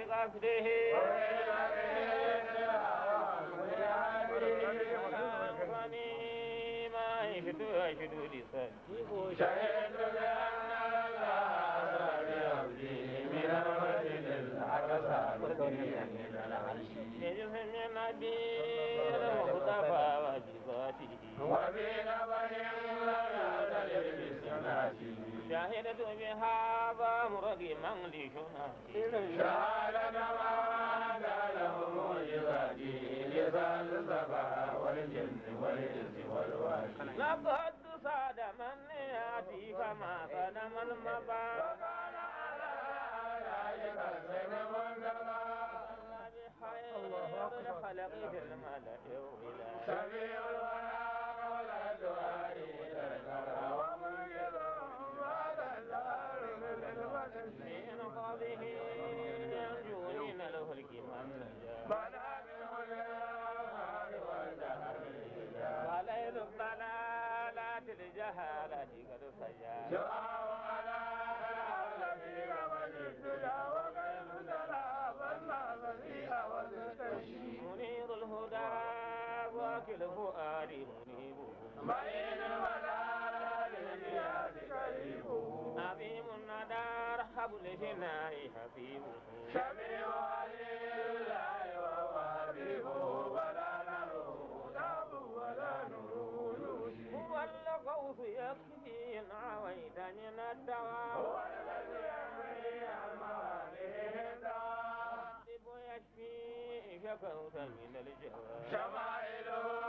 بقصده ما يشهد يشهد لصدقه شهد بأن الله بعبده شهدت بهذا مرغما لشناتي شهادة ما له معجزاتي لفلسفة والجن والإنس والوحي لقد صاد من يأتي فما صدم المبادئ وكان على ذلك الزين مندلا الله أكبر خلق في الملأ وإلى شيء قاضيه يرجو من الهلك من بلى منه الجهال قال إذ الضلالات لجهالة قد سجى دعاء على العالمين والابتلاء وغير دلا فما بديع والتشيء منير الهدى واكل فؤادي منيب بعيد البلاء لجماع حبيبه شبيبها لله وحبيبه ولا نروه ولا نروه هو الغوث يكفي إن عويت الدواء هو الذي يمحي عن مواليه الدواء يشفي شكوت من الجواب شمائله